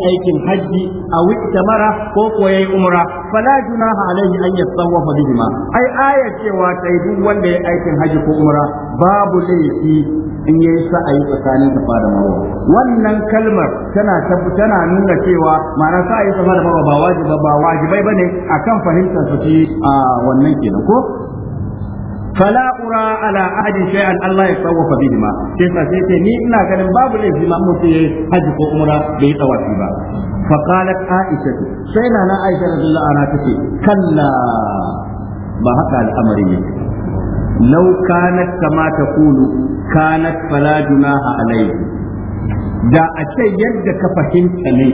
ta aikin hajji a mara ko ko yayi umra fala junaha alaihi an yatawafa bihima ai aya cewa sai duk wanda ya aikin hajji ko umra babu laifi in yayi sa'ayi tsakanin safa da marwa wannan kalmar tana tana nuna cewa ma'ana sa'ayi safa da marwa ba wajibi ba wajibai bane akan fahimtar su a wannan kenan ko fala ura ala Allah ya sawwafa bihi ma sai sa sai ce ni ina ganin babu laifi ma mutum yayi haji ko umra bai yi ba fa qalat aisha sai na na aisha radhiyallahu anha tace kalla ba haka al'amari ne law kanat kama taqulu kanat fala junaha alayhi da a ce yadda ka fahimta ne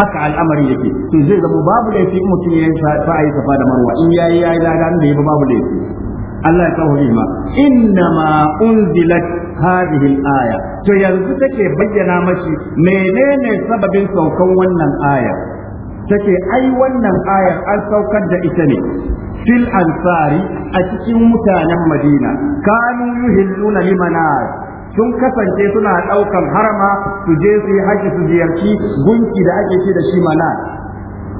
haka al'amari yake to zai zama babu laifi mutum ya yi safa da in yayi yayi da ya babu laifi Allah ya kawo ma inna ma unzilat hadhihi al-aya to yanzu take bayyana mashi menene sababin saukan wannan aya take ai wannan ayar an saukar da ita ne fil ansari a cikin mutanen Madina kanu yuhilluna limanat sun kasance suna ɗaukar harama su je su yi haji su ziyarci gunki da ake ce da shi mana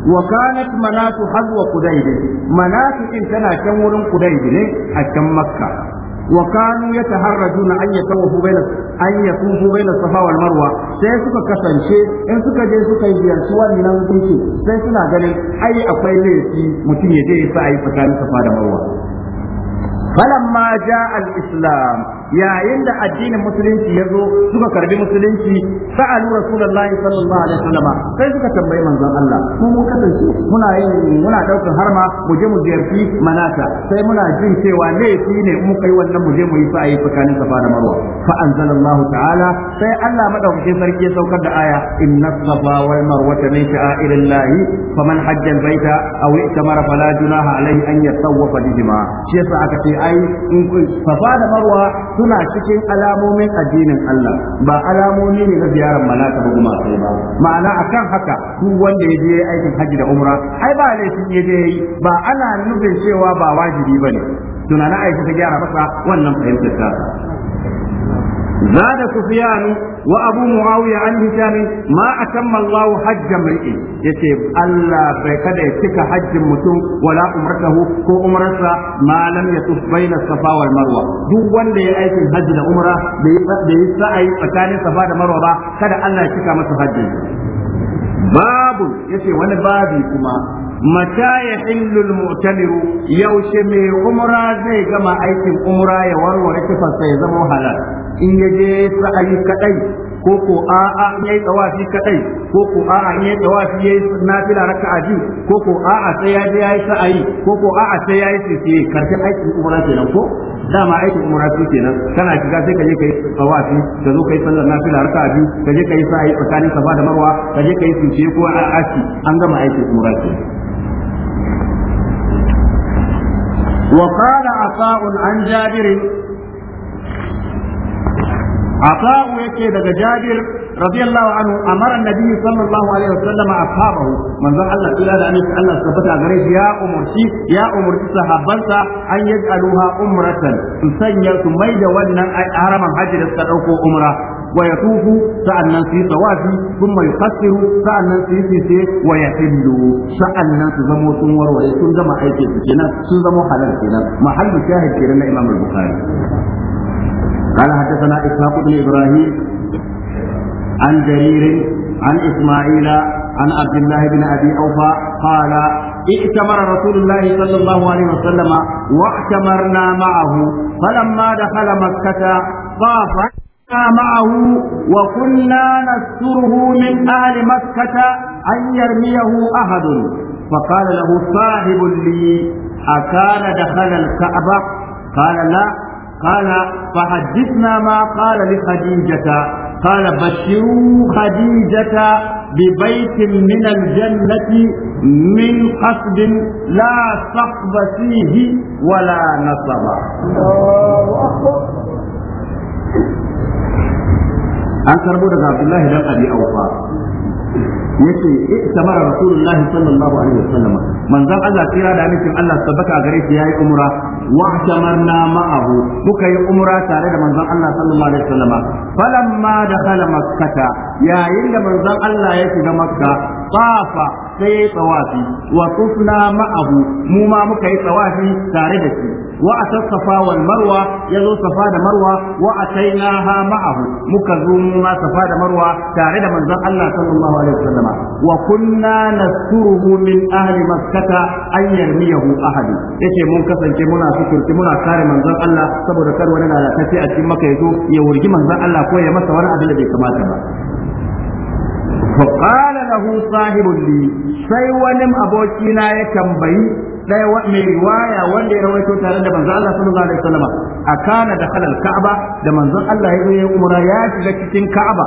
wa kanat manatu hazwa kudayd manatu in tana kan wurin kudayd ne a kan makka wa kanu yataharrajuna an yatawafu baina an yakufu baina safa wal marwa sai suka kasance in suka je suka yi ziyarci wannan gunki sai suna ganin ai akwai laifi mutum ya je ya sa ai tsakanin safa da marwa falamma jaa al islam yayin da addinin musulunci ya zo suka karbi musulunci sa'alu rasulullahi sallallahu alaihi wasallam sai suka tambayi manzon Allah mu mun kasance muna yin muna daukar harma mu je mu ziyarci manata sai muna jin cewa laifi ne mu kai wannan mu je mu yi sa'ayi tsakanin safa da marwa fa anzalallahu ta'ala sai Allah madaukakin sarki ya saukar da aya inna safa wal marwa min sha'airillahi faman hajja baita aw i'tamara fala junaha alaihi an ya bihima shi yasa aka ce ai safa da marwa suna cikin alamomin addinin Allah ba alamomi ne na ziyarar malaka ba kuma sai ba ma'ana akan haka duk wanda ya je aikin haji da umra ai ba laifin ya je ba ana nufin cewa ba wajibi bane tunanin aiki ta gyara masa wannan fahimtar ta زاد سفيان وابو معاويه عن هشام ما اتم الله حج امرئ يتي الله بكدا يتك حج متوم ولا عمرته كو عمرته ما لم يطف بين الصفا والمروه duk wanda ya aikin hajji da umra da yi sa'ayi tsakanin safa da marwa ba kada Allah ya cika masa hajji babu yace wani babi kuma mata ya hillul mu'tamiru yaushe mai umra zai gama aikin umra ya warware kifarsa ya zama halal in ya je sa'ayi kadai ko ko a'a in yayi tawafi kadai ko ko a'a in yayi tawafi yayi nafila raka'a biyu ko ko a'a sai ya je yayi sa'ayi ko ko a'a sai yayi sisiye karshen aikin umra kenan ko dama aikin umra su kenan kana shiga sai ka je kai tawafi ka zo kai sallar nafila raka'a biyu ka je kai sa'ayi tsakanin safa da marwa ka je kai sisiye ko a'a aski an gama aikin umra kenan وقال عطاء عن جابر عطاء يكي دغ جابر رضي الله عنه امر النبي صلى الله عليه وسلم اصحابه من ذا الله الى ان الله ثبت غريش يا امرتي يا امرتي صحابنسا ان يجعلوها عمره تسنيا سميد wannan حرم الحج da suka dauko umra ويطوف سألنا في طوافي ثم يقصر سألنا في سيسي ويحل سألنا في زمو سنور ويسن زمو حيث سنة سن زمو حلال سنة محل شاهد كيرنا إمام البخاري قال حدثنا إسحاق بن إبراهيم عن جرير عن إسماعيل عن عبد الله بن أبي أوفى قال ائتمر رسول الله صلى الله عليه وسلم واعتمرنا معه فلما دخل مكة طاف معه وكنا نستره من أهل مكة أن يرميه أحد فقال له صاحب لي أكان دخل الكعبة قال لا قال فحدثنا ما قال لخديجة قال بشروا خديجة ببيت من الجنة من قصد لا صحب فيه ولا نصب الله أكبر أن عبد الله لقد أوفى yace itamara rasulullahi sallallahu alaihi wasallam manzon Allah kira da nufin Allah sabaka gare shi yayi umra wa tamarna ma'ahu kuka yi umra tare da manzon Allah sallallahu alaihi wasallam falamma dakhala makkata yayin da manzon Allah ya shiga makka tafa sai ya tsawafi wa tufna ma'ahu mu ma muka yi tsawafi tare da shi wa atassafa wal marwa yazo safa da marwa wa atainaha ma'ahu muka zo mu ma safa da marwa tare da manzon Allah sallallahu alaihi wasallam wa kunna nasturuhu min ahli makkata an yarmiyahu ahad yace mun kasance muna sukurti muna kare manzon Allah saboda kar wani lalatacce a cikin maka yazo ya wurgi manzon Allah ko ya masa wani abin da bai kamata ba فقال له صاحب sai wani abokina ya tambayi ɗaya mai riwaya wanda ya rawaito tare da manzon Allah sallallahu alaihi wasallam a kana da halal ka'aba da manzon Allah ya yi umra ya shiga cikin ka'aba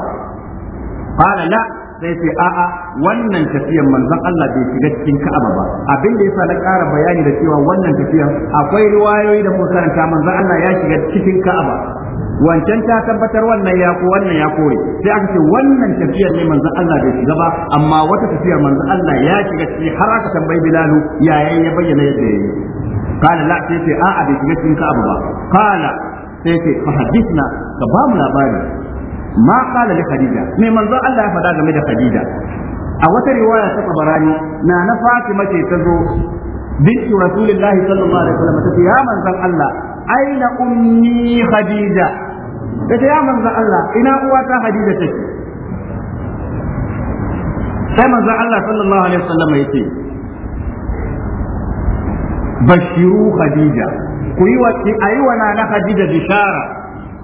qala la ce a'a wannan tafiyan manzon Allah bai shiga cikin Ka'aba ba abin da yasa na ƙara bayani da cewa wannan tafiyan akwai riwayoyi da muka karanta manzon Allah ya shiga cikin Ka'aba wancan ta tabbatar wannan ya ko kore sai aka ce wannan tafiyar ne manzo Allah da shiga ba amma wata tafiya manzo Allah ya shiga ciki har aka tambayi bilalu ya yayin ya bayyana yadda yake kana la sai sai a bai shiga cikin ba kana sai sai fa hadithna ka ba labari ma kana da me manzo Allah ya faɗa game da Khadija a wata riwaya ta barani na na Fatima ce ta zo بنت رسول الله صلى الله عليه وسلم تقول يا من ذا الله أين da ta ya manzo Allah ina uwa ta Hadiza take sai manzo Allah sallallahu alaihi wasallam yake bashiru Khadija ku yi wa ayi wa na Khadija bishara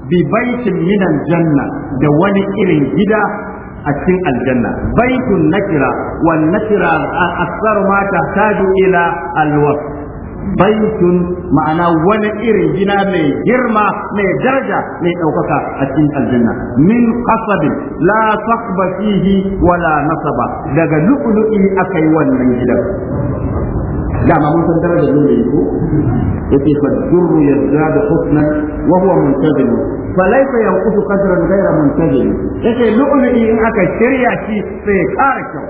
bi baitin min aljanna da wani irin gida a cikin aljanna baitun nakira wan nakira aksaru mata tahtaju ila alwaqt baitun ma'ana wani irin gina mai girma mai daraja mai ɗaukaka a cikin aljanna min qasabin la saqba fihi wala nasaba daga lu'lu'i akai wannan gidan Da ma mun san da lu'lu'i ko yake fa durru yazdadu husnan wa huwa muntazim فليس yanqutu qadran ghayra منتهي yake lu'lu'i in aka shirya shi sai ƙara kyau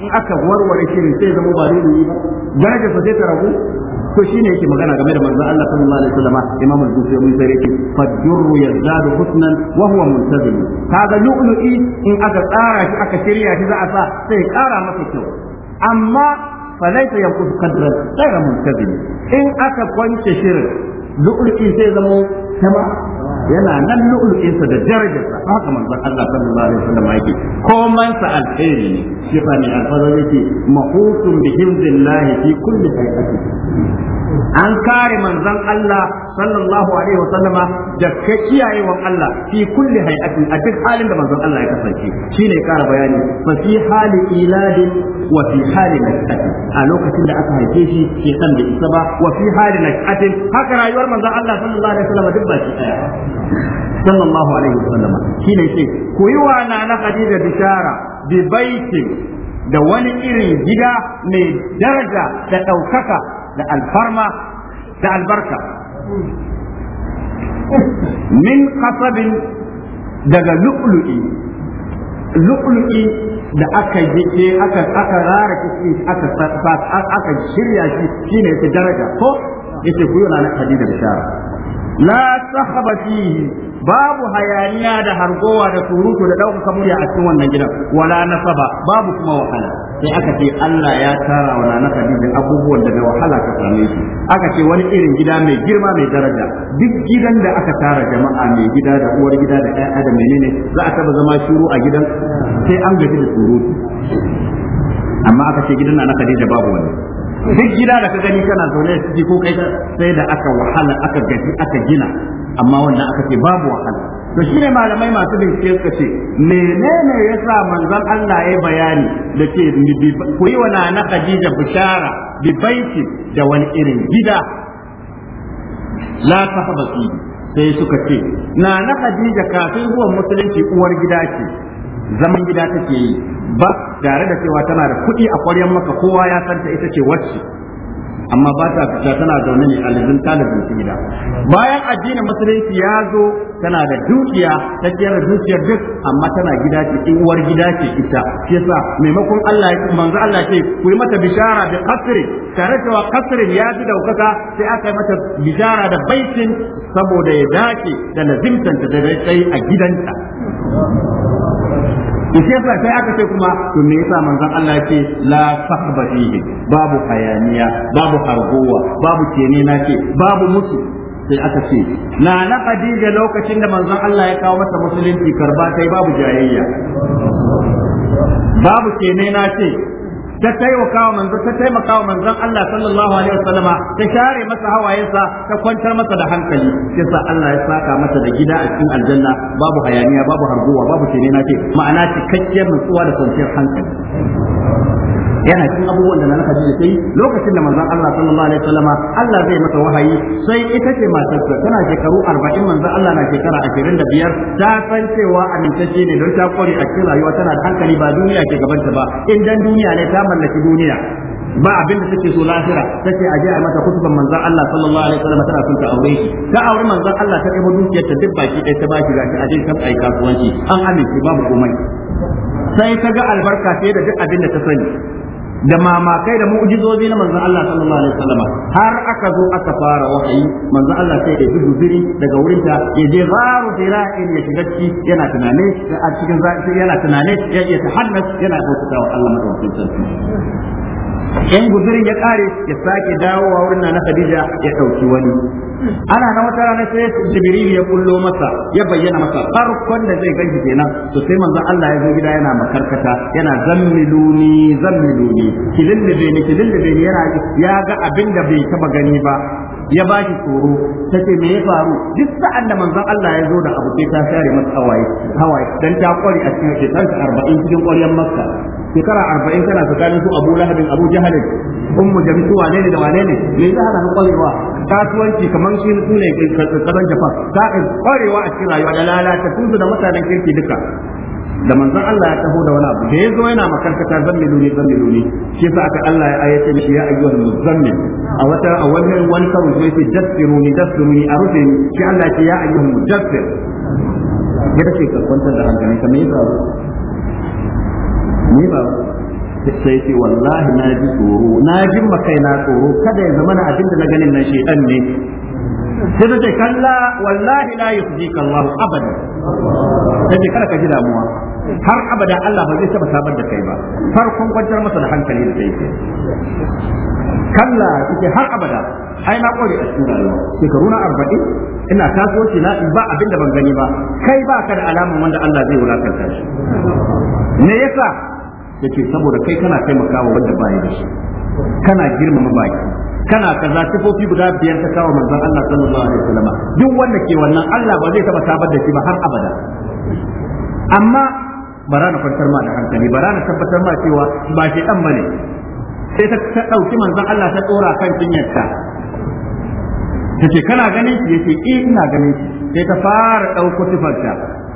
in aka warware shirin sai zama ba lulluyi ba darajar sa sai ta ragu to ne yake magana game da manzon Allah sallallahu alaihi wasallam Imam al-Bukhari mun sai yake fajrru yazadu husnan wa huwa muntazim kaga lu'lu'i in aka tsara shi aka shirya shi za a sa sai kara masa kyau amma falaita yanqus qadran ghayra muntazim in aka kwance shirin lu'lu'i sai zama tama yana nan lu'lu'insa da darajarsa haka manzon Allah sallallahu alaihi wasallam yake koman sa alheri ne shi fa ne alfazar yake mahutun bi himdillahi fi kulli hay'ati an kare manzon Allah sallallahu alaihi wa sallama da ka kiyaye wa Allah fi kulli hay'atin a duk halin da manzon Allah ya kasance shine kara bayani fa fi hali iladin wa fi hali nas'atin a lokacin da aka haife shi ke san da isa ba wa fi hali nas'atin haka rayuwar manzon Allah sallallahu alaihi wa sallama duk ba shi daya sallallahu alaihi wa sallama shine ce ku yi wa nana Khadija bishara bi baitin da wani irin gida mai daraja da ɗaukaka da alfarma da albarka min kasabin daga lu'lu'i lu'lu'i da aka yi aka aka rara kishi aka aka shirya shi shine yake daraja ko yake ku yana hadida shara la sahaba fihi babu hayaniya da hargowa da surutu da dauka murya a cikin wannan gidan wala nasaba babu kuma wahala sai aka ce Allah ya tara wa nana Khadija abubuwan daga wahala ka same su aka ce wani irin gida mai girma mai daraja duk gidan da aka tara jama'a mai gida da uwar gida da ƴaƴa da menene za a taba zama shiru a gidan sai an gaji da surutu amma aka ce gidan nana Khadija babu wani duk gida da ka gani kana zaune ciki ko kai sai da aka wahala aka gaji aka gina amma wannan aka ce babu wahala to shine malamai masu bincike suka ce menene yasa manzon Allah ya bayani da ke ku yi wana na Khadija bishara bi baiti da wani irin gida la tahabasi sai suka ce na na Khadija kafin zuwan musulunci uwar gida ce zaman gida take yi ba tare da cewa tana da kuɗi a ƙwaryar maka kowa ya santa ita ce wacce amma ba ta fita tana zaune ne a lizin talibin gida bayan addinin musulunci ya zo tana da dukiya ta kiyar da dukiyar duk amma tana gida ce in uwar gida ce ita shi yasa maimakon Allah ya manzo Allah ce ku yi mata bishara da kasri tare da wa kasri ya ji daukaka sai aka yi mata bishara da baitin saboda ya dace da nazimtanta da dai a gidanta to shi sai aka ce kuma to me yasa manzon Allah yake la sahba fihi babu hayaniya babu harguwa babu kene na ce babu mutu sai aka ce na na Khadija lokacin da manzon Allah ya kawo masa musulunci karba sai babu jayayya babu kene na ce ta taimaka wa manzon ta taimaka wa manzon Allah sallallahu alaihi wasallam ta share masa hawayensa ta kwantar masa da hankali sa Allah ya saka masa da gida a cikin aljanna babu hayaniya babu harguwa babu shine na ce ma'ana cikakken nutsuwa da kwanciyar hankali yana cikin abubuwan da na Khadija sai lokacin da manzon Allah sallallahu alaihi wasallam Allah zai masa wahayi sai ita ce matarsa tana shekaru 40 manzon Allah na shekara 25 ta san cewa amintacce ne don ta kware a cikin rayuwa tana da hankali ba duniya ke gabanta ba in dan duniya ne ta mallaki duniya ba abin da take so lahira take aje a mata kutuban manzon Allah sallallahu alaihi wasallam tana son ta aure shi ta aure manzon Allah ta kai dukiyar ta duk baki ɗaya ta bashi gashi aje kan ai kasuwanci an amince babu komai sai ta ga albarka sai da duk abin da ta sani da mamakai da mu'jizozi na manzon Allah sallallahu alaihi wasallam har aka zo aka fara wahayi manzon Allah sai ya dubu ziri daga wurinta ya je zaru dira'in ya shiga ciki yana tunane a cikin zaki yana tunane ya iya tahannas yana bauta wa Allah madaukakin sarki in guzurin ya kare ya sake dawowa wurin na Khadija ya dauki wani ana na wata rana sai jibril ya kullo masa ya bayyana masa farkon da zai ganki kenan to sai manzo Allah ya zo gida yana makarkata yana zammiluni zammiluni kilillibe ni kilillibe ni yana ya ga abin da bai taba gani ba ya ba shi tsoro ta ce me ya faru duk sa'an da manzon Allah ya zo da abu sai ta share masa hawaye hawaye dan ta kware a cikin shekaru 40 cikin ƙwaryar Makka shekara arba'in tana tsakanin su abu lahabin abu jahalin ummu jami wane ne da wane ne me za hana kwarewa kasuwanci kamar shi su ne kasar japan ta kwarewa a cikin rayuwa da lalata su da mutanen kirki duka da manzon Allah ya taho da wani abu da yazo yana makarkata zammilu duni zammilu ne shi yasa aka Allah ya ayace mishi ya ayyuhal muzammil a wata a wannan wani karu sai ce dassiruni dassiruni a rufe shi Allah ya ce ya ayyuhal mudassir ya dace ka kwantar da hankali kamar yadda ni ba sai ce wallahi na ji tsoro na jin makai na tsoro kada ya zama na abin da na ganin nan shedan ne sai ta ce kalla wallahi la yufzika Allah abada sai ce kada ka ji damuwa har abada Allah ba zai taba sabar da kai ba farkon kwantar masa da hankali da kai kalla kike har abada ai na kore a cikin rayuwa shekaru na arba'in ina taso ce na ba abin da ban gani ba kai ba ka da alaman wanda Allah zai wulakanta shi me yasa yace saboda kai kana taimakawa wanda ba ya da shi kana girmama baki kana kaza sifofi guda biyar ta kawo manzon Allah sallallahu alaihi wasallam duk wanda ke wannan Allah ba zai taba tabar da shi ba har abada amma bara na kwantar ma da hankali bara na tabbatar ma cewa ba shi dan bane sai ta dauki manzon Allah ta dora kan cinyarta tace kana ganin shi yace eh, ina ganin shi sai ta fara dauko sifarta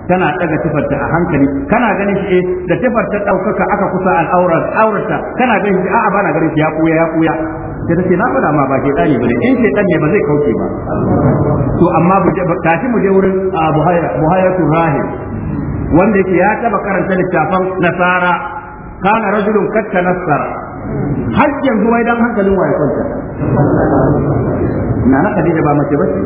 tana daga tufarta a hankali kana ganin shi eh, da tufarta daukaka aka kusa al'aurar aurata kana ganin shi a'a bana ganin shi ya kuya ya kuya sai tace na fada ma ba ke dani bane in ke dan ne ba zai kauce ba to amma tashi mu je wurin buhaira buhairatul rahim wanda yake ya taba karanta littafan nasara kana rajulun katta nasara har yanzu wai dan hankalin waye kwanta na na kadija ba mace ba ce.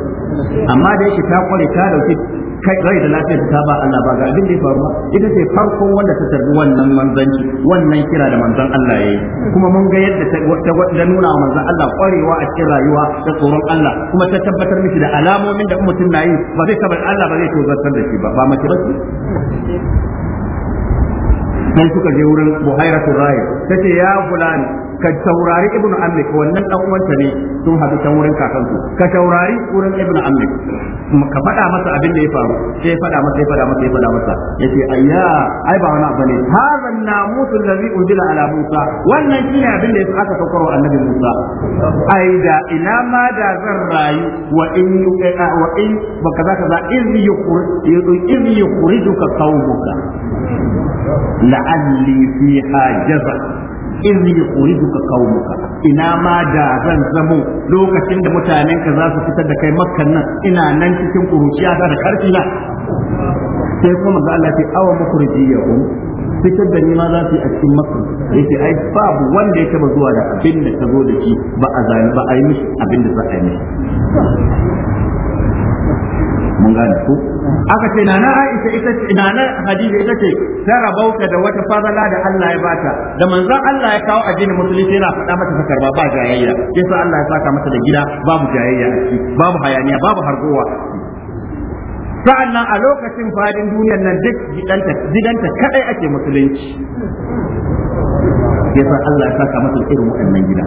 amma da yake ta kware ta dauki kai rai da lafiya ta ba Allah ba ga abin da ya faru ba ita ce farko wanda ta tarbi wannan manzanci wannan kira da manzon Allah yayi kuma mun ga yadda ta nuna wa manzon Allah kwarewa a cikin rayuwa da tsoron Allah kuma ta tabbatar miki da alamomin da mutum na yi ba zai tabbata Allah ba zai tozartar da shi ba ba mace ba sai suka je wurin buhairatul rai tace ya fulani ka taurari ibnu amlik wannan dan uwanta ne sun hadu can wurin kakansu ka taurari wurin ibnu amlik ka faɗa masa abin da ya faru sai ya faɗa masa ya faɗa masa ya faɗa masa yace ayya ai ba wani abu ne hadha an-namus allazi unzila ala musa wannan shine abin da ya aka saukar wa annabi musa ai da ina ma da zan rayu wa in eh, ah, wa in ba kaza kaza iz yukhrijuka qawmuka la'alli fiha jaza iz yukhrijuka qaumuka ina ma da zan zamo lokacin da mutanen ka za su fitar da kai makkan nan ina nan cikin kuruciya da karfi na sai kuma ga Allah ya awa mukhrijiyahum fitar da ni ma za su a cikin makka yace ai babu wanda ya taba zuwa da abin da ta zo da shi ba a zani ba a yi mishi abin da za a yi mishi mun gane ko aka ce nana Aisha ita ce nana Khadija ita ce ta rabauta da wata fadala da Allah ya bata da manzon Allah ya kawo addinin musulunci yana faɗa mata ta karba ba jayayya sa Allah ya saka mata da gida babu jayayya a ciki babu hayaniya babu hargowa sa'annan a lokacin fadin duniyar nan duk gidanta gidanta kadai ake musulunci yasa Allah ya saka masa irin waɗannan gida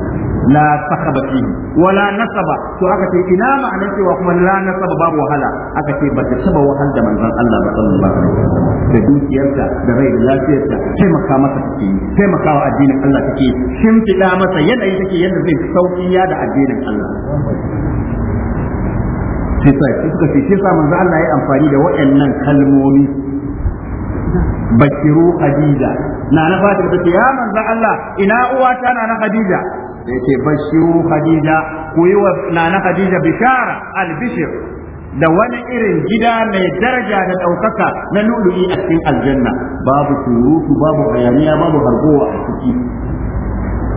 la sakaba fi wala nasaba to aka ce ina ma'anar cewa kuma la nasaba babu wahala aka ce ba ta taba wahal da manzon Allah ba sallallahu alaihi wasallam da dukiyarta da rai da lafiyarta taimaka masa take yi taimakawa addinin Allah take shimfiɗa masa yanayi take yadda zai ya da addinin Allah shi sa suka ce shi sa manzo Allah ya amfani da waɗannan kalmomi bashiru khadija na na fatima ce ya manzan Allah ina uwata na na khadija sai ce bashiru khadija ku yi wa na na khadija bishara albishir da wani irin gida mai daraja da ɗaukaka na lulu'i a cikin aljanna babu turutu babu hayaniya babu harbowa a ciki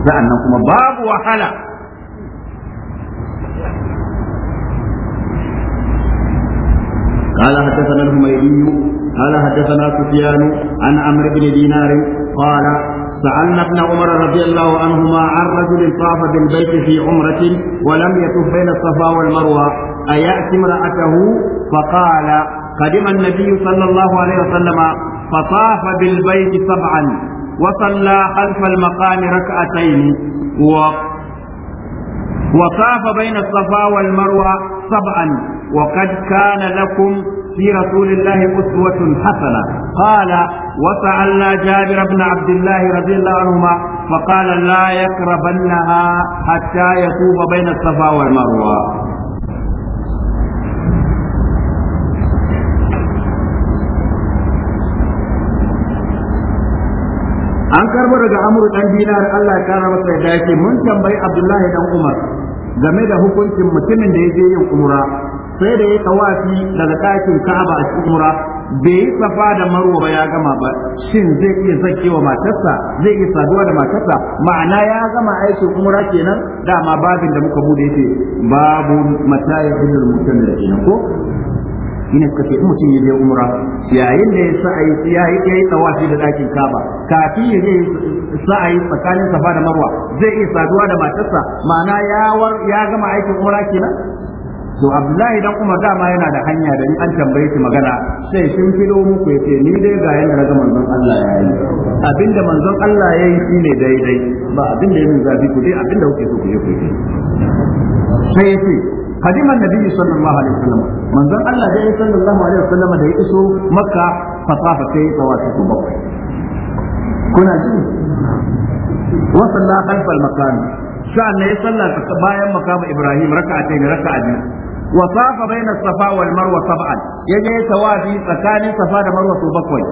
sa'annan kuma babu wahala قال حدثنا الهميري قال حدثنا سفيان عن عمرو بن دينار قال سألنا ابن عمر رضي الله عنهما عن رجل طاف بالبيت في عمرة ولم يطف بين الصفا والمروة أيأتي امرأته فقال قدم النبي صلى الله عليه وسلم فطاف بالبيت سبعا وصلى خلف المقام ركعتين و وطاف بين الصفا والمروة سبعا وقد كان لكم في رسول الله أسوة حسنة قال وسألنا جابر بن عبد الله رضي الله عنهما فقال لا يقربنها حتى يطوف بين الصفا والمروة an karbo daga amuru dan dinar Allah ya kara masa ya yake mun tambayi Abdullahi dan Umar game da hukuncin mutumin da ya je yin umra sai da ya tawafi daga ɗakin Ka'aba a cikin Umra bai yi safa da marwa ba ya gama ba shin zai iya zakewa matarsa zai iya saduwa da matarsa ma'ana ya gama aikin Umra kenan dama babin da muka bude yake babu mataya ya hillul da kenan ko ina suka ce mutum ya je umra yayin da ya sa'ayi yi tawafi da ɗakin kaba kafin ya je sa'ayi tsakanin safa da marwa zai iya saduwa da matarsa ma'ana ya ya gama aikin umra kenan to abdullahi dan umar dama yana da hanya da in an tambaye shi magana sai shin filo muku yace ni dai ga yanda naga manzon Allah ya yi abinda manzon Allah ya yi shine daidai ba abinda ya min zafi ku dai abinda kuke so ku yi ku yi sai yace قدم النبي صلى الله عليه وسلم من ذا الله جاء صلى الله عليه وسلم ده يسو مكة فطاف في طوافه بقى كنا جي وصلنا خلف المكان na ya sallah bayan makamu Ibrahim raka'atayn raka'a biyu wa safa baina safa wal marwa sab'an yaje tawafi tsakanin safa bakwai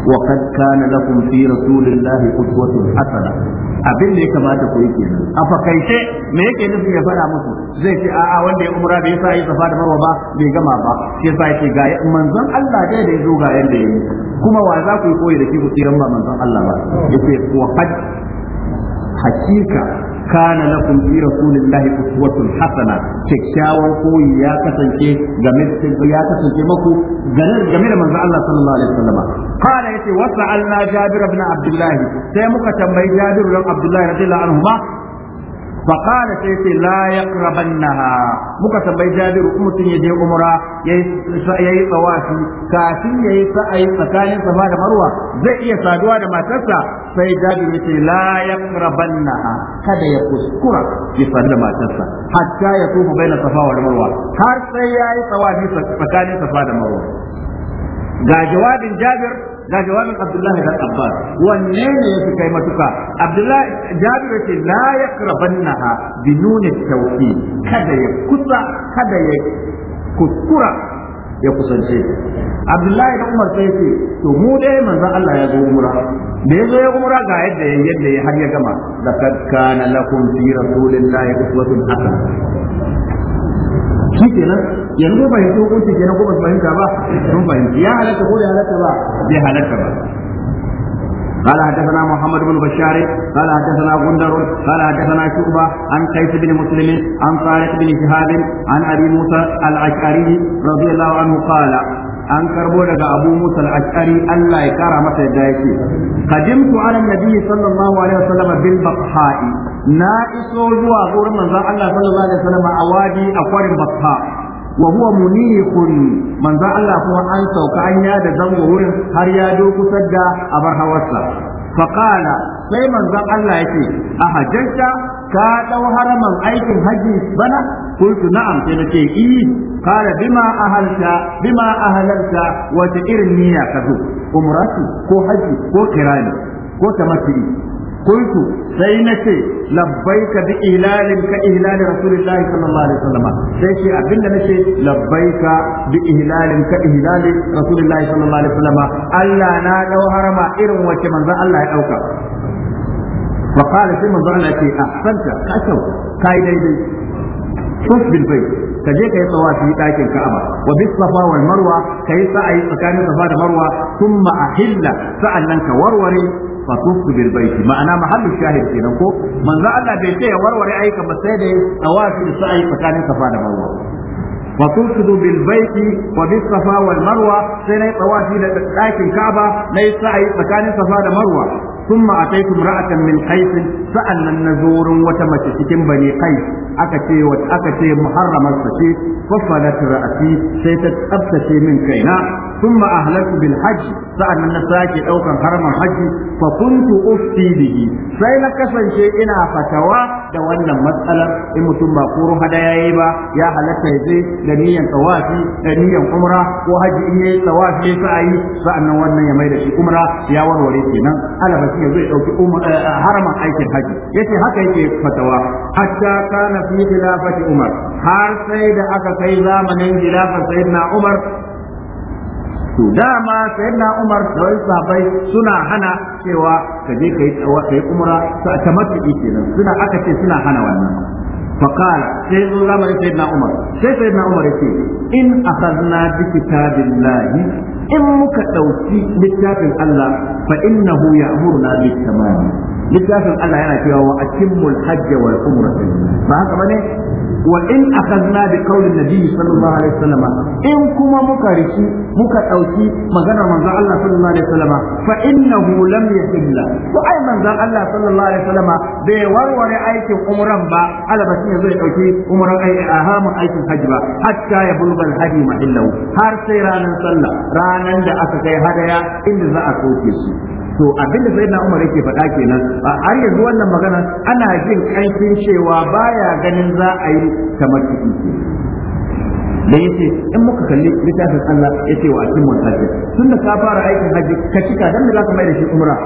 وقد كان لكم في رسول الله قدوة حسنة abin da ya kamata ku yi kenan a fakaice me yake nufin ya faɗa musu zai ce a'a wanda ya umra bai sa yi safa da marwa ba bai gama ba sai sa yake ga manzon Allah dai da ya zo ga yanda yayi kuma wa za ku yi koyi da shi ku tsiran ba manzon Allah ba yace wa hakika kana lakum fi rasulillahi uswatun hasana kyakkyawan koyi ya kasance game ya kasance maku game da manzo Allah sallallahu alaihi wasallam kana yace wasa Allah Jabir ibn Abdullah sai muka tambayi Jabir ibn Abdullah radiyallahu anhu فقال سيسي لا يقربنها muka tambayi jabiru in mutum ya je umra ya yi tsawafi kafin ya yi sa'ayi tsakanin safa da marwa zai iya saduwa da matarsa sai jabiru ce la yaqrabannaha kada ya kuskura ya sadu da matarsa hatta ya tufa baina safa da marwa har sai ya yi tsawafi tsakanin safa da marwa ga jawabin jabir ga jawabin Abdullahi dan Abbas wanne ne yafi kai matuka Abdullahi Jabir ce la yakrabannaha bi nun tawhid kada ya kusa kada ya kuskura ya kusance Abdullahi da Umar sai ce to mu dai manzon Allah ya zo umra da ya zo ya umra ga yadda ya yadda ya har ya gama laqad kana lakum fi rasulillahi uswatun hasana shi kenan yanzu ba yanzu hukunci kenan ko ba su fahimta ba sun fahimci ya halatta ko ya halatta ba bai halatta ba قال حدثنا محمد بن بشار قال حدثنا غندر قال حدثنا شعبة عن قيس بن مسلم عن طارق بن شهاب عن أبي موسى الأشعري رضي الله عنه قال an karbo daga Abu Musa al Allah ya kara masa yadda yake qadimtu ala nabi bil baqha'i na iso zuwa gurin manzon Allah sallallahu alaihi wasallam a wadi a kwarin Bakka wa huwa muniqun manzon Allah kuma an sauka an ya da zango wurin har ya do kusa da abar hawarsa fa qala sai manzon Allah yake a hajjanta ka dau haraman aikin haji bana qultu na'am sai nace i qala bima ahalta bima halarta wa irin niyya kazo umratu ko haji ko kirani ko tamattu قلت سينتي لبيك بإهلال كإهلال رسول الله صلى الله عليه وسلم سيشي أبن نشي لبيك بإهلال كإهلال رسول الله صلى الله عليه وسلم ألا نادو هرما إرم وكمن ذا الله أوكا فقال سيما ظنتي أحسنت أشو كايدي طف بالبيت ka je ka yi tsawafi ɗakin Ka'aba wa bis safa wal marwa ka yi sa'ayi tsakanin safa da marwa thumma ahilla sa'annan ka warware fatufu bil ma'ana mahallin shahid kenan ko manzo Allah bai ce ya warware aika ba sai da tawafi da sa'i tsakanin da marwa وتنفذ بالبيت وبالصفا والمروة سنة طوافي لكن كعبة ليس أي مكان صفا ومروة ثم أتيت امرأة من حيث sa'an nan na zo wurin wata mace cikin bani kai aka ce aka ce muharramar sa ce fafalat ra'asi sai ta tsabtace min kaina thumma ahlatu bil hajji sa'an nan na sake ɗaukan haraman hajji, fa kuntu ufti bihi sai na kasance ina fatawa da wannan matsalar in mutum ba koro ya yayi ba ya halatta ya je da niyan tawafi da niyan umra ko hajji in yayi tawafi sai sa'an nan wannan ya mai da shi umra ya warware kenan alaba shi zai ɗauki um- eh, haraman aikin hajji. khilafati yace haka yake fatawa hatta kana fi khilafati umar har sai da aka kai zamanin khilafar sayyidina umar dama sayyidina umar da wai sahabbai suna hana cewa ka je kai kai umra ta tamattu kenan suna aka ce suna hana wannan فقال سيدنا عمر سيدنا عمر سيدنا عمر يقول إن أخذنا بكتاب الله in muka ɗauki littafin Allah fa innahu ya'muruna bil tamam littafin Allah yana cewa wa atimmul hajj wal umrah ba haka bane wa in akhadna bi qawlin nabiy sallallahu alaihi wasallam in kuma muka riki muka ɗauki maganar manzon Allah sallallahu alaihi wasallam fa innahu lam yahilla to ai manzon Allah sallallahu alaihi wasallam bai warware aikin umran ba albashi ne zai ɗauki umran ai ahamun aikin hajj ba hatta ya bulgal hadi mahillahu har sai ranar sallah ranar da aka kai hadaya inda za a soke su to abin da sayyidina Umar yake faɗa kenan a har yanzu wannan magana ana jin ƙarfin cewa baya ganin za a yi kamar kiki da yace in muka kalli littafin Allah yace wa akin mutaji tunda ka fara aikin haji ka cika dan da zaka mai da shi umra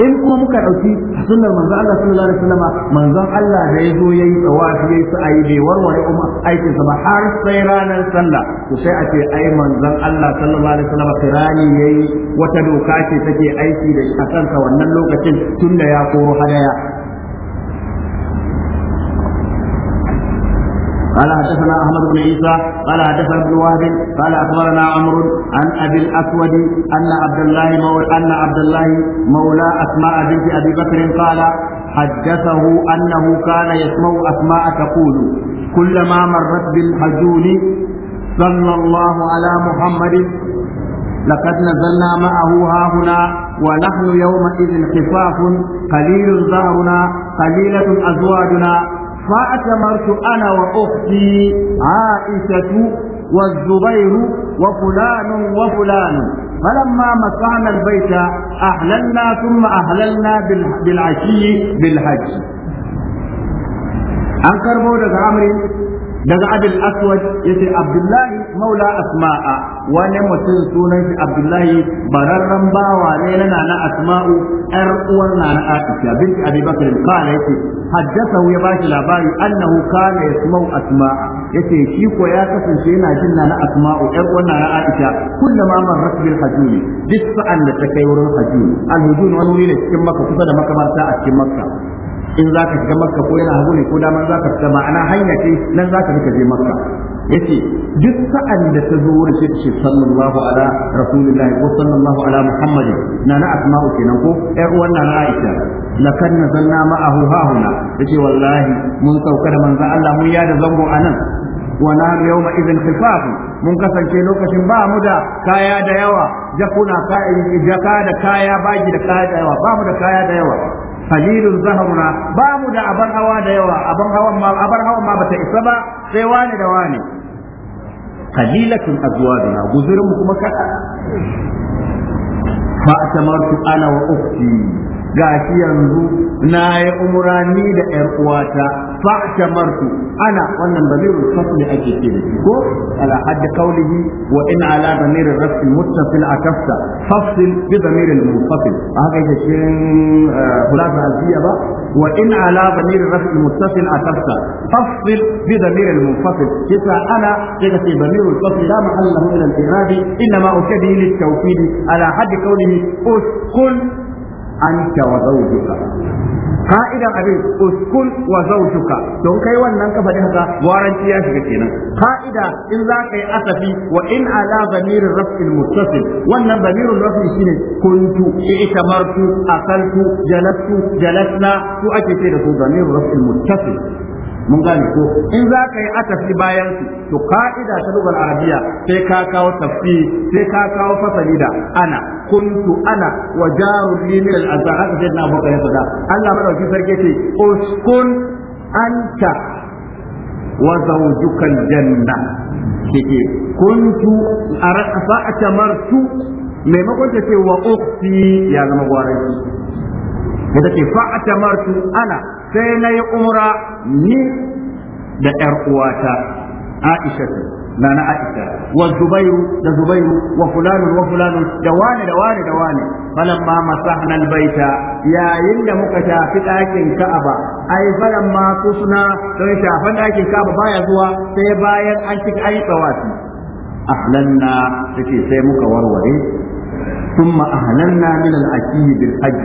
in kuma muka ɗauki sunnar manzo Allah sallallahu alaihi wasallam manzon Allah da ya zo yayi tawafi yayi ayi bai warware umma aikin sa ba har sai ranar sallah to sai a ce ai manzon Allah sallallahu alaihi wasallam kirani yayi wata doka ce take aiki da akan wannan lokacin tunda ya koro hadaya قال حدثنا احمد بن عيسى قال حدثنا ابن وهب قال اخبرنا عمرو عن ابي الاسود ان عبد الله مولى ان عبد الله مولى اسماء بنت ابي بكر قال حدثه انه كان يسمع اسماء تقول كلما مرت بالحجول صلى الله على محمد لقد نزلنا معه ها هنا ونحن يومئذ خفاف قليل ظهرنا قليلة أزواجنا فأتمرت أنا وأختي عائشة والزبير وفلان وفلان فلما مسعنا البيت أهللنا ثم أهللنا بالعشي بالحج أنكر بودك عمري daga abin aswad ya ce abdullahi maula asma'a wani mutum sunan shi abdullahi bararren bawa ne na nana asma'u yar uwar nana aisha binti abi haddathahu ya bashi labari annahu kana yasma'u asma'a yace shi ko ya kasance yana jin na asma'u yar wannan na Aisha kullama marrat bil hajuri duk sa'an da ta kai wurin hajuri al hujun wani wuri ne cikin Makka kusa da makamarta a cikin maka, in za ka shiga maka ko yana hagu ne ko dama za ka fita ma'ana hanya ce nan za ka fita je makka yace duk sa'an da ta zo wurin sai ta ce sallallahu ala rasulillahi ko sallallahu ala muhammad na na asma'u kenan ko ƴar uwan na Aisha lakan na zanna ma'ahu hahuna da ce wallahi mun saukar manzan Allah mun yada zango a nan wa na yau ma izin kifafu mun kasance lokacin ba mu da kaya da yawa jakuna jaka da kaya baki da kaya da yawa ba mu da kaya da yawa halilun zahuna ba mu da abar hawa da yawa Abar hawan ma aban hawan ma bata isa ba sai wani da wani qalilatun azwajuna guzurun kuma kada fa'tamartu ana wa ukhti gashi yanzu na yi umra da yar uwata fa martu ana wannan damirul ne ake ce da shi ko ala hadd kaulihi wa in ala damir ar-rafs muttasil akafta fasil bi damir al-munfasil haka yake cikin hulasa aziya ba wa in ala damir ar-rafs muttasil akafta fasil bi damir al-munfasil kisa ana kika ce damirul fasl la mahalla min al-iradi inma ukadi lit tawfid ala hadd kaulihi qul anta ka'idan abin uskun wazautuka zawjuka don kai wannan ka faɗi haka waranci ya shiga kenan ka'ida in za ka yi asafi wa in ala zamirin rafin muttasil wannan zamirin raf'i shine kuntu i'tamartu akaltu jalastu jalasna su ake ce da su zamirin rafin muttasil mun gane ko in za ka yi atafi bayan su to ka'ida ta lugar arabiya sai ka kawo tafi sai ka kawo fasali da ana kuntu ana wa jarun li min azhar haka sai na baka ya fada Allah sarki ce uskun anta wa zawjuka janna kike kuntu arasa atamartu maimakon ta ce wa ukhti ya zama gwaranci ke ce martu ana sai na yi umra ni da ‘yar uwata Aisha na na Aisha wa Zubairu da Zubairu wa fulanu wa fulanu da wani da wani da wani falamma bai ta, yayin da muka shafi ɗakin Ka'aba ai masu suna sai shafan ɗakin Ka'aba baya zuwa sai bayan an cika ayi tsawafi ahlanna take sai muka warware ثم أهلنا من الأكيه بالحج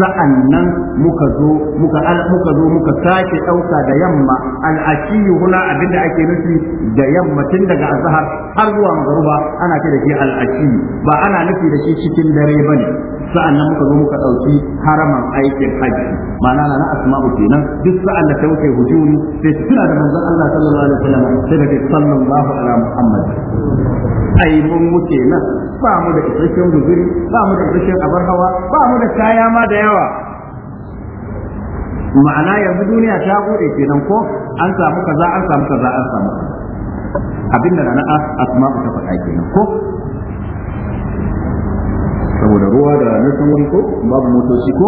سألنا مكزو مكأل مكزو مكساك أوكا ديما الأكيه هنا أبدا أكي نسي ديما تندق الزهر أرجو مغربة أنا كده في الأكيه وأنا نسي لشي شكل دريبني Sa'an nan muka zo muka ɗauki haraman aikin haji ma'ana na asma'u kenan duk sa'an da ta wuce hujuri sai su tuna da manzon Allah sallallahu alaihi wasallam sai da sallallahu ala Muhammad ai mun wuce nan ba mu da isasshen guzuri ba mu da isasshen abar hawa ba mu da kaya ma da yawa ma'ana yanzu duniya ta bude kenan ko an samu kaza an samu kaza an samu abinda na asma'u ta faɗa kenan ko saboda ruwa da na wuri ko babu motoci ko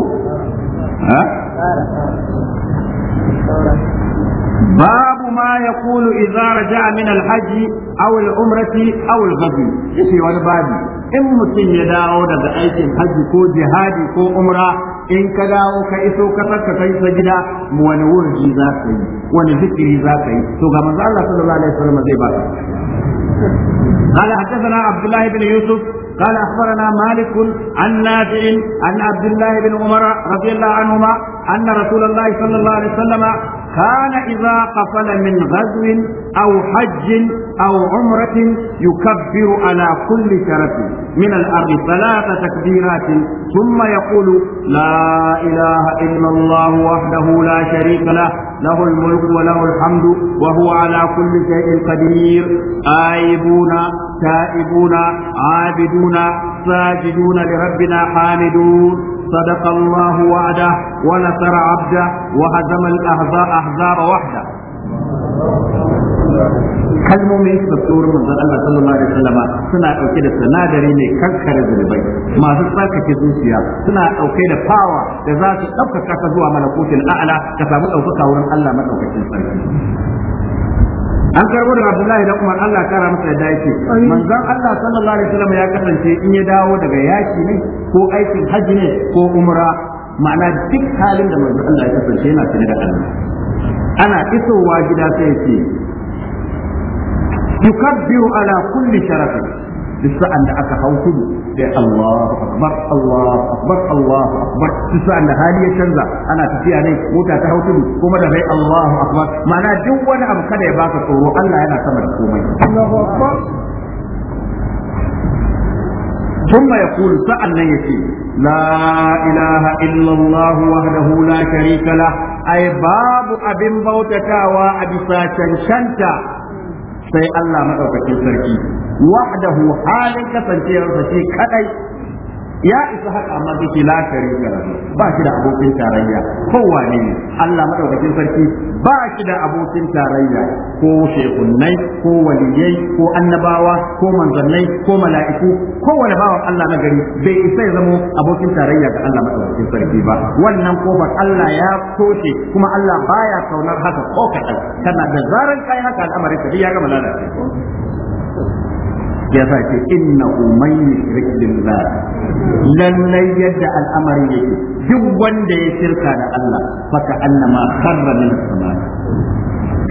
babu ma ya kulu Izara, raja'a min alhaji aw al'umrati aw al-ghadi yace wani babu in mutum ya dawo daga aikin haji ko jihadi ko umra in ka dawo ka iso kasar ka kai ta gida wani wurji za ka yi wani zikiri za ka yi to ga manzo Allah sallallahu alaihi wasallam zai ba قال حدثنا عبد الله بن يوسف قال أخبرنا مالك عن نافع عن عبد الله بن عمر رضي الله عنهما أن رسول الله صلى الله عليه وسلم كان إذا قفل من غزو أو حج أو عمرة يكبر على كل شرف من الأرض ثلاث تكبيرات ثم يقول لا إله إلا الله وحده لا شريك له له الملك وله الحمد وهو على كل شيء قدير آيبون تائبون عابدون ساجدون لربنا حامدون صدق الله وعده ونصر عبده وهزم الأحزاب وحده kalmomin tsoron manzon Allah sallallahu alaihi wasallam suna dauke da sanadari ne kankare zulubai masu tsarkake zuciya suna dauke da power da za su dauka kasa zuwa malakutin a'la ka samu ɗaukaka wurin Allah madaukakin sarki an karbo da Abdullahi da Umar Allah kara masa yadda yake manzon Allah sallallahu alaihi wasallam ya kasance in ya dawo daga yaki ne ko aikin haji ne ko umra ma'ana duk halin da manzon Allah ya kasance yana tare da Allah ana isowa gida sai ya ce yukabbiru ala kulli sharafin duk sa'an aka hau sai Allahu akbar Allahu akbar Allahu akbar duk hali ya canza ana tafiya ne mota ta hau tudu kuma da sai Allahu akbar ma'ana duk wani abu kada ya baka tsoro Allah yana sama da komai Allahu akbar ثم يقول سألنا يتي لا إله إلا الله وحده لا شريك له أي باب أبن بوتكا وأبسا شنشنتا sai Allah madaukakin sarki wahdahu halin kasancewarsa shi kadai ya isa haka amma kike la sharika ba shi da abokin tarayya kowane ne Allah madaukakin sarki ba shi da abokin tarayya ko shekunnai ko waliyai ko annabawa ko manzannai ko mala'iku kowane bawa Allah na gari bai isa ya zama abokin tarayya ga Allah madaukakin sarki ba wannan kofar Allah ya toshe kuma Allah baya kaunar haka ko kaɗan kana da zaran kai haka al'amarin ka ya gama lalace ya sa ce inna umay yushrik billah lallai yadda al'amari yake duk wanda ya shirka da Allah faka annama kharra min as-sama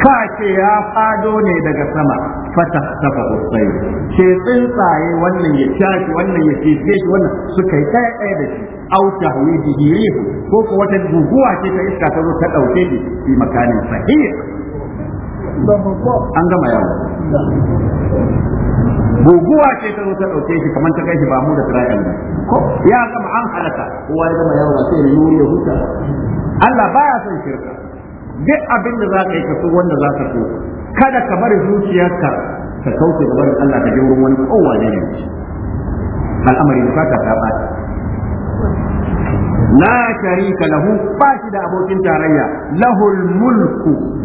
ka ce ya fado ne daga sama fata tafa usai ce tsuntsaye wannan ya shi wannan ya cece shi wannan suka yi ɗaya ɗaya da shi au tahwidi rihu ko ko wata guguwa ce ta iska ta zo ta dauke shi fi makanin sahih an gama yawo guguwa ce ta zo ta dauke shi kamar ta kai shi ba mu da tsirayen ba ko ya gama an halaka kowa ya gama yawa sai nuri ya huta Allah baya son shirka duk abin da za ka yi ka so wanda za ka so kada ka bari zuciyarka ka kauce gaban Allah ka je wurin wani kowa ne al'amari fata ta bata la sharika lahu ba shi da abokin tarayya lahul mulku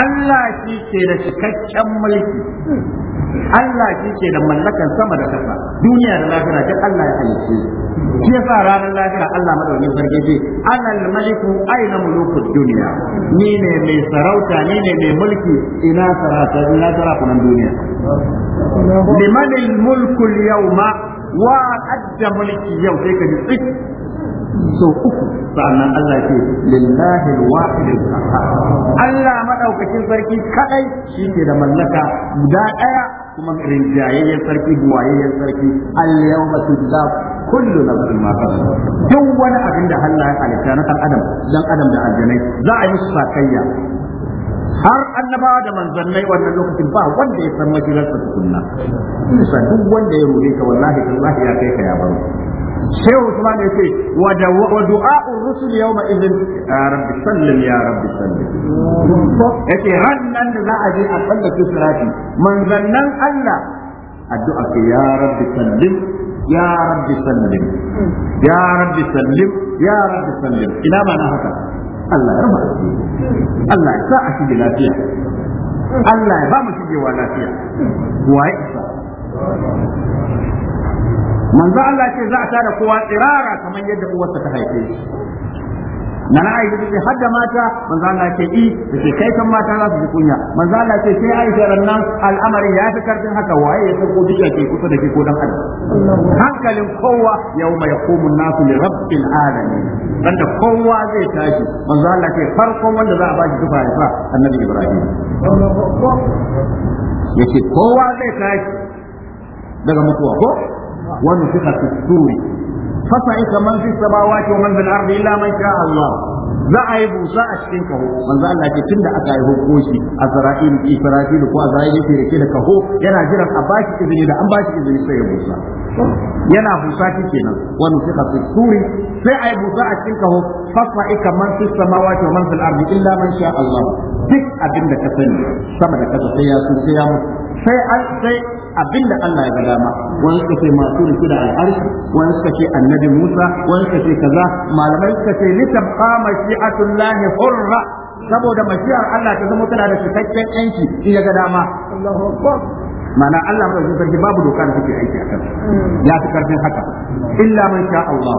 Allah shi ke da cikakken mulki Allah shi ke da mallakan sama da ƙasa duniya da lafiya duk Allah ya halice shi yasa ranar lafiya Allah madaukakin sarki ce anal maliku aina mulukud duniya ni ne mai sarauta ni ne mai mulki ina sarauta ina sarakunan duniya liman mulku yawma wa adda mulki yau sai ka ji sau uku sa'annan Allah ke lillahi alwahid Allah madaukakin sarki kadai shike da mallaka guda daya kuma rinjayayyen sarki buwayayyen sarki al-yawma tujza kullu nafsin ma kasabat duk wani abin da Allah ya halitta na adam dan adam da aljanai za a yi sakayya har annabawa da manzannai wannan lokacin ba wanda ya san majilarsa tukunna. Isa duk wanda ya rure ka wallahi wallahi ya kai ka ya baro. Sai usman ya ce wa du'a'u rusul yawma idhin ya rabbi sallim ya rabbi sallim yace rannan da za je a tsallake sirati manzannan Allah addu'a ke ya rabbi sallim ya rabbi sallim ina ma na haka Allah ya rama Allah ya sa a lafiya Allah ya lafiya isa manzo Allah ce za a tara kowa tsirara kamar yadda uwarsa ta haife shi na na aisha take hadda mata manzo Allah ce i eh, ke kai kan mata za su ji kunya manzo Allah ce sai aisha rannan al'amari ya fi karfin haka waye ya san ko duka ke kusa da ke ko dan adam hankalin kowa yauma yaqumun nasu li rabbil alamin dan da kowa zai tashi manzo Allah ce farkon wanda za a ba shi ya sa annabi Ibrahim yace kowa zai tashi daga mutuwa ko ونفخ في السور فصعق من في السماوات ومن في الارض الا من شاء الله za a yi busa a cikin kaho manzo Allah ke tunda aka yi hukko shi Azra'il Israfil ko Azra'il yake rike da kaho yana jiran a bashi izini da an bashi izini sai ya busa yana busa shi kenan wa nufiqa fi suri sai a yi busa a cikin kaho fafa ika man fi samawati wa man fil ardi illa man sha Allah duk abin da ka sani sama da kasa sai ya sun sai ya mutu sai an sai Abin da Allah ya ga dama wani suka ce masu rike da al'arshi wani suka ce annabi Musa wani suka ce kaza malamai suka ce litabqa lahi hurra saboda mashiyar Allah ta zama tana da cikakken yanki in ya ga dama ma'ana Allah mai sarki babu doka da take aiki akan ya fi karfin haka illa man sha Allah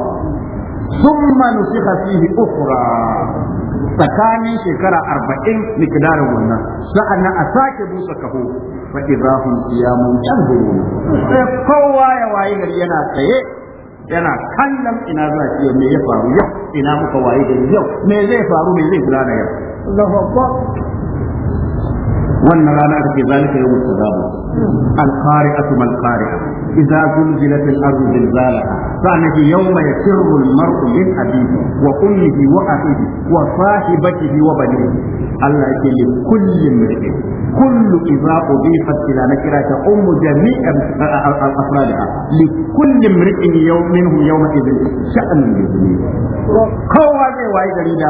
ثم nufi فيه أخرى tsakanin shekara arba'in mikidarin wannan sa'an nan a sake busa kaho fa idahum qiyamun yanzurun sai kowa ya waye gari yana tsaye yana kallon ina za a ya faru yau ina muka waye yau me zai faru me zai gudana yau Allahu wannan rana da ke zalika yawmul tazabu al-qari'atu mal qari'a idza zulzilat al-ardu zilzalaha fa anaki yawma yasirru al-mar'u min abihi wa ummihi wa abihi wa sahibatihi wa banihi Allah yake li kulli mri'in kullu idza udifat ila nakira ta ummu jami'a al-afradiha li kulli mri'in yawmin yawma idhin sha'an yuzni kowa zai wayi gari da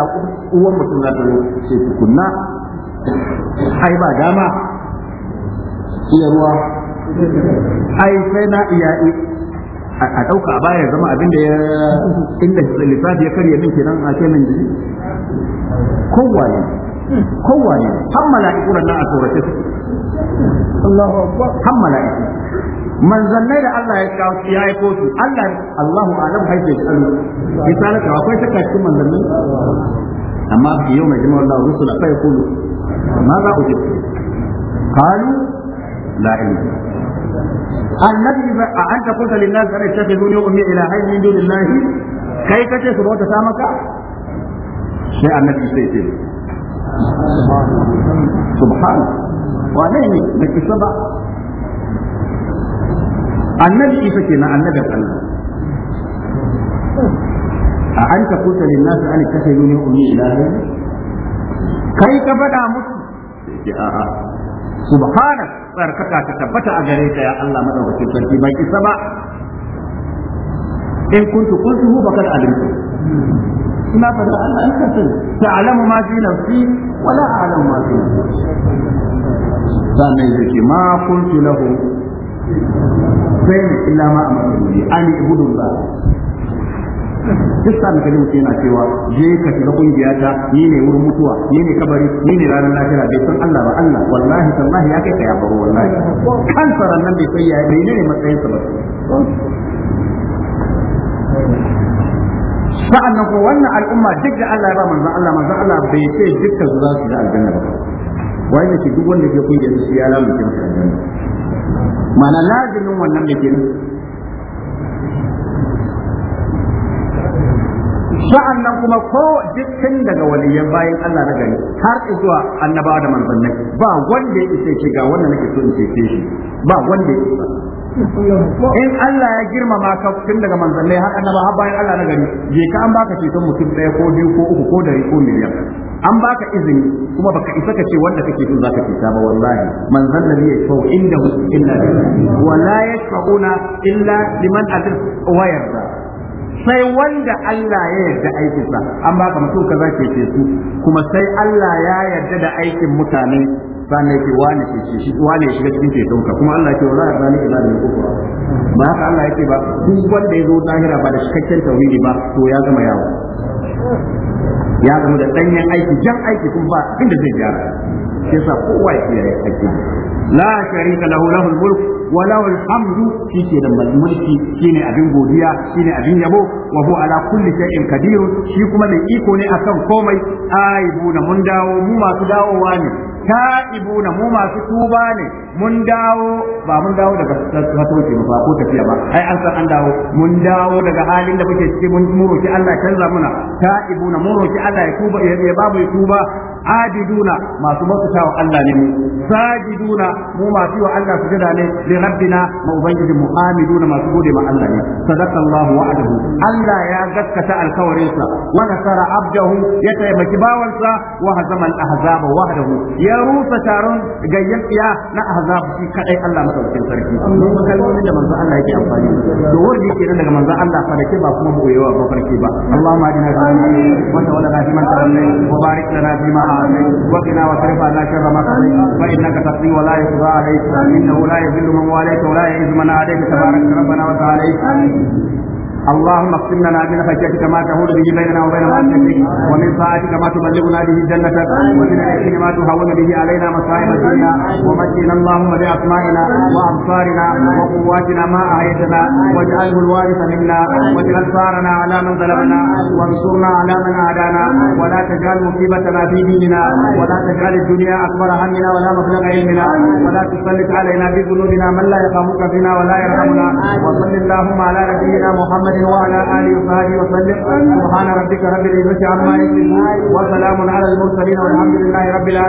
uwan mutum za ta zo sai tukunna ai ba dama iya ruwa ai sai na iya a ɗauka a baya zama abin da ya inda lissafi ya karya min kenan a kenan jini kowane kowane har mala'ikuran nan a tsorace su har mala'iku manzannai da Allah ya kawo ya yi kotu Allah Allahu alam haife shi Allah misalin akwai saka cikin manzannin amma yau mai jama'a Allah rusula fa yaqulu ماذا أجبت قالوا لا علم النبي أنت قلت للناس أن يتخذوني أمي إلهين من دون الله كيف تسر وتسامك شيء النبي سيتم سبحانه وعليه لك السبع النبي إيسا كنا النبي الله أأنت قلت للناس أن يتخذوني أمي إلهين kai ka faɗa musu sai a'a subhana tsarkaka ta tabbata a gare ka ya Allah madaukakin sarki bai isa ba in kuntu qultuhu faqad alimtu suna fada Allah in kace alamu ma fi nafsi wa la a'lamu ma fi nafsi sannan yake ma kuntu lahu sai illa ma amuru an ibudu Allah duk sa muka ji mutum yana cewa je ka shiga kungiya ta ni ne wurin mutuwa ni ne kabari ni ne ranar lahira bai san Allah ba Allah wallahi tallahi ya kai ka ya faru wallahi kan saran nan bai kai ya bai ne matsayin sa ba sa'annan ko wannan al'umma duk da Allah ya ba manzon Allah manzon Allah bai ce dukka su za su ga aljanna ba wai ne duk wanda ke kungiyar su ya lamunce aljanna ma'ana lazimin wannan da ke sa'an nan kuma ko dukkan daga waliyan bayan Allah na gari har zuwa annaba da manzannai ba wanda ya isa ce ga wanda nake so in ce shi ba wanda ya isa in Allah ya girmama ka tun daga manzannai har annaba har bayan Allah na gari je ka an baka ceton mutum ɗaya ko biyu ko uku ko dari ko miliyan an baka izini kuma baka isa ka ce wanda kake so zaka fita ba wallahi manzan da zai kawo inda illa wa la yashfa'una illa liman adr wa yarda sai wanda Allah ya yarda aikinsa amma ka mutum kaza ke ce su kuma sai Allah ya yarda da aikin mutane sannan ke wani ke ce shi wani ya shiga cikin ceton ka kuma Allah ke wa za'a zani ila da kufra ba haka Allah yake ba duk wanda ya zo zahira ba da cikakken tauhidi ba to ya zama yawo ya zama da danyen aiki jan aiki kuma ba inda zai gyara yasa kowa ya kiyaye hakkin la sharika lahu lahul mulk wa lahul hamdu shike da mulki shine abin godiya shine abin yabo wa huwa ala kulli shay'in qadir shi kuma mai iko ne akan komai aibuna mun dawo mu masu dawowa ne ta'ibuna mu masu tuba ne mun dawo ba mun dawo daga fatauci ba ko tafiya ba ai an san an dawo mun dawo daga halin da muke ciki mun roki Allah ya canza muna ta'ibuna mun roki Allah ya tuba ya ba mu tuba abiduna masu bauta wa Allah ne mu sajiduna mu masu wa Allah sujada ne li rabbina ma ubangiji mu amiduna masu bude ma Allah ne sadaqallahu wa'adahu Allah ya gaskata alkawarinsa wa nasara abdahu ya taimaki bawansa wa hazama al-ahzab wahdahu ya rusa taron gayyaciya na ahzab shi kadai Allah madaukakin sarki mun kalmomin da manzo Allah yake amfani da wurdi kenan daga manzo Allah fa da kuma boyewa ko ba Allahumma عليك وقنا واصرف عنا شر ما فانك تقضي ولا يقضى عليك انه لا يذل من واليك ولا يعز من عليك تبارك ربنا وتعالى اللهم اقسم لنا من خشيتك ما تهون به بيننا وبين معصيتك ومن طاعتك ما تبلغنا به جنتك ومن اليقين ما تهون به علينا مصائب الدنيا ومجدنا اللهم باسمائنا وابصارنا وقواتنا ما اعيتنا واجعله الوارث منا واجعل صارنا على من ظلمنا وانصرنا على من عادانا ولا تجعل مصيبتنا في ديننا ولا تجعل الدنيا اكبر همنا ولا مبلغ علمنا ولا تسلط علينا في قلوبنا من لا يخافك فينا ولا يرحمنا وصل اللهم على نبينا محمد محمد وعلى اله وصحبه وسلم سبحان ربك رب العزه عما يصفون وسلام على المرسلين والحمد لله رب العالمين